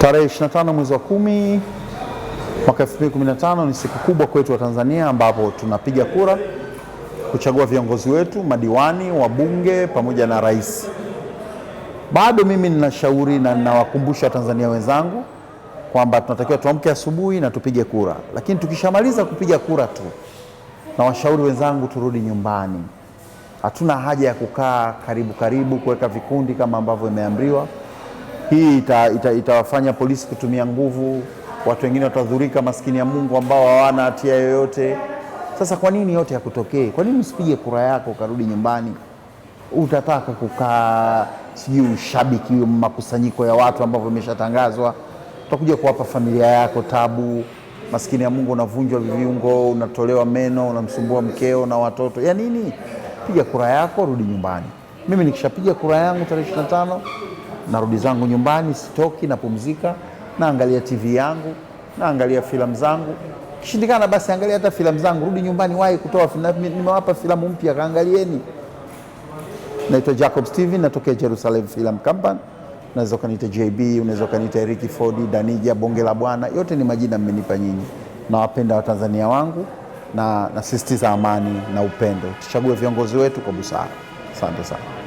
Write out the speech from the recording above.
Tarehe 25 mwezi wa kumi mwaka 2015 ni siku kubwa kwetu wa Tanzania, ambapo tunapiga kura kuchagua viongozi wetu, madiwani, wabunge pamoja na rais. Bado mimi ninashauri na ninawakumbusha Watanzania wenzangu kwamba tunatakiwa tuamke asubuhi na tupige kura, lakini tukishamaliza kupiga kura tu, na washauri wenzangu turudi nyumbani. Hatuna haja ya kukaa karibu karibu, kuweka vikundi kama ambavyo imeamriwa. Hii itawafanya ita, ita polisi kutumia nguvu, watu wengine watadhurika, maskini ya Mungu ambao hawana hatia yoyote. Sasa kwa nini yote yakutokee? Kwa nini usipige kura yako ukarudi nyumbani? Utataka kukaa sijui ushabiki makusanyiko ya watu ambavyo imeshatangazwa, utakuja kuwapa familia yako tabu. Maskini ya Mungu unavunjwa viungo, unatolewa meno, unamsumbua mkeo na watoto ya nini? Piga kura yako, rudi nyumbani. Mimi nikishapiga kura yangu tarehe tano narudi zangu nyumbani, sitoki, napumzika, naangalia TV yangu, naangalia filamu zangu. Kishindikana basi angalia hata filamu zangu, rudi nyumbani, wahi kutoa, nimewapa filamu mpya, kaangalieni. Naitwa Jacob Steven, natokea Jerusalem Film Company. Unaweza ukaniita JB, unaweza ukaniita Eriki Ford, Danija, Bonge la Bwana, yote ni majina mmenipa nyinyi. Nawapenda Watanzania wangu na nasisitiza amani na upendo. Tuchague viongozi wetu kwa busara. Asante sana.